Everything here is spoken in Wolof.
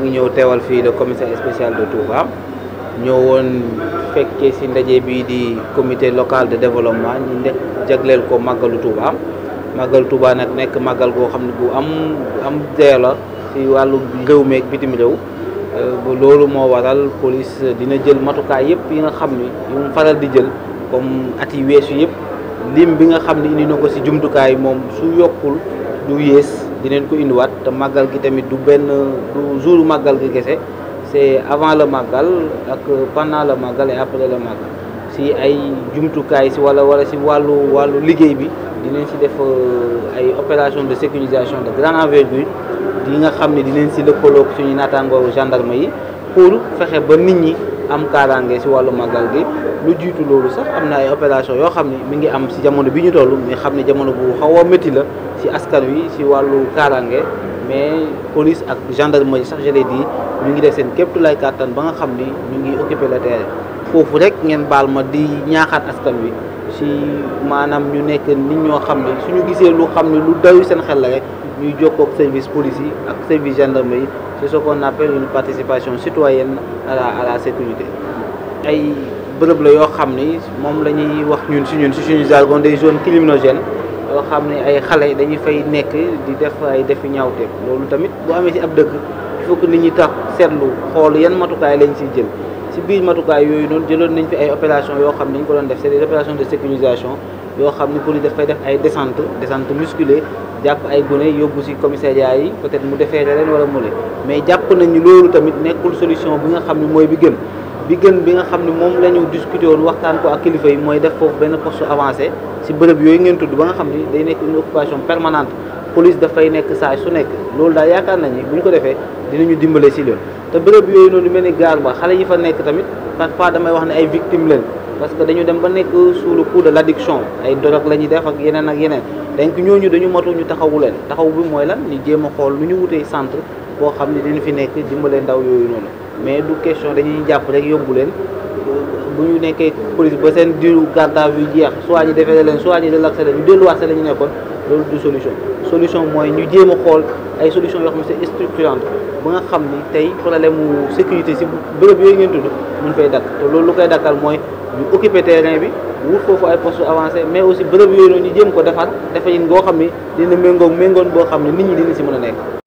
ngi ñëw teewal fii le commissaire spécial de Touba ñoo woon fekkee ci ndaje bii di comité local de développement ñu ne jagleel ko màggalu Touba màggalu Touba nag nekk màggal goo xam ne bu am am dee la ci wàllu réew meeg bitim réew euh, loolu moo waral police dina jël matukaay yëpp yi nga xam ni yu mu faral di jël comme at yi weesu yëpp lim bi nga xam ne indi na ko ci jumtukaay moom su yokkul du yées. dinañ ko indiwaat te màggal gi tamit du benn du jour màggal gi kese c'est avant le màggal ak pendant la màggal et après le màggal si ay jumtukaay si wala wala si wàllu wàllu liggéey bi dinañ si def euh, ay opération de sécurisation de grande envergure yi nga xam ne dinañ si lëkkaloo suñu naataangoo gendarme yi pour fexe ba nit ñi. am kaaraange si wàllu màggal gi lu jiitu loolu sax am na ay opération yoo xam ne mi ngi am si jamono bi ñu toll mais xam ne jamono bu xaw a la si askan wi si wàllu kaaraange mais police ak gendarmerie sax je l'ai dit ñu ngi def seen képp lay kàttan ba nga xam ni mu ngi occupé le terrain foofu rek ngeen baal ma di ñaaxaat askan wi si maanaam ñu nekk nit ñoo xam ne ñu gisee lu xam ne lu dayu seen xel la rek ñu jokkoo ak service police yi ak service gendarmerie c'est ce qu'on appelle une participation citoyenne à la sécurité ay bërëb la yoo xam ni moom la ñuy wax ñun si ñun si suñu jargon des zones criminogènes yoo xam ne ay xale dañuy fay nekk di def ay defi ñaawteef loolu tamit bu amee si ab dëkk il faut que nit ñi tax seetlu xool yan matukaay lañ siy jël si biir matukaay yooyu noonu jëloon nañ fi ay opération yoo xam ne dañ ko doon def c'est des de sécurisation yoo xam ne police dafay def ay descente descente musculée jàpp ay gone yóbbu ci commissariat yi peut-être mu defee leen wala mu ne mais jàpp nañu loolu tamit nekkul solution bi nga xam ne mooy bi gën bi gën bi nga xam ne moom la ñu discuté woon waxtaan ko ak kilifa yi mooy def foofu benn poste avancé ci bërëb yooyu ngeen tudd ba nga xam ni day nekk une occupation permanente police dafay nekk saa su nekk loolu daal yaakaar nañu bu ñu ko defee dinañu dimbale si loolu te bërëb yooyu noonu mel ni gaar xale yi fa nekk tamit parfois damay wax ne ay victimes leen parce que dañu dem ba nekk sous le coup de ay dorog la ñuy def ak yeneen ak yeneen donc ñooñu dañu matu ñu taxawu leen taxaw bi mooy la ñu jéem a xool nu ñu wutee centre boo xam ne dina fi nekk dimbale ndaw yooyu noonu mais du question dañuy jàpp rek yóbbu leen bu ñu nekkee police ba seen diiru garde à vue jeex soit ñu defee leen soit ñu relaxé leen ñu delluwaat seen la ñu nekkoon loolu du solution solution mooy ñu jéema xool ay solution yoo xam ne c'est ba nga xam ni tey problème mu sécurité si bërëb yooyu ngeen tudd mun fay dakk te loolu lu koy dakkal mooy ñu occupé terrain bi wut foofu ay poste avancé mais aussi bërëb yooyu noonu ñu jéem ko defar defayin goo xam ni dina méngoog méngoon boo xam ne nit ñi dina si mën a nekk